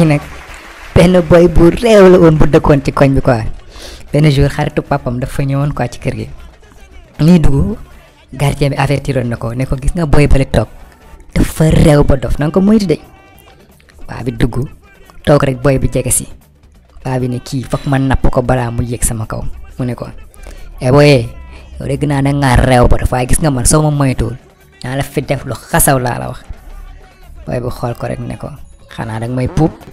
kii nag benn boy bu réew la woon bu dëkkoon ci koñ bi quoi benn jour xaritu papam dafa ñëwoon quoi ci kër gi ñuy dugg gardien bi avertiroon na ko ne ko gis nga booy bale toog dafa réew ba dof nanga ko moytu de waa bi dugg toog rek boy bi jege si bi ne kii foog ma napp ko balaa mu yéeg sama kaw mu ne ko e eh boyee yow dégg naa ne nga réew ba dof waaye gis nga man soo ma moytuwul naa la fi def lu xasaw laa la wax boy bi xool ko rek ne ko xanaa dag may puub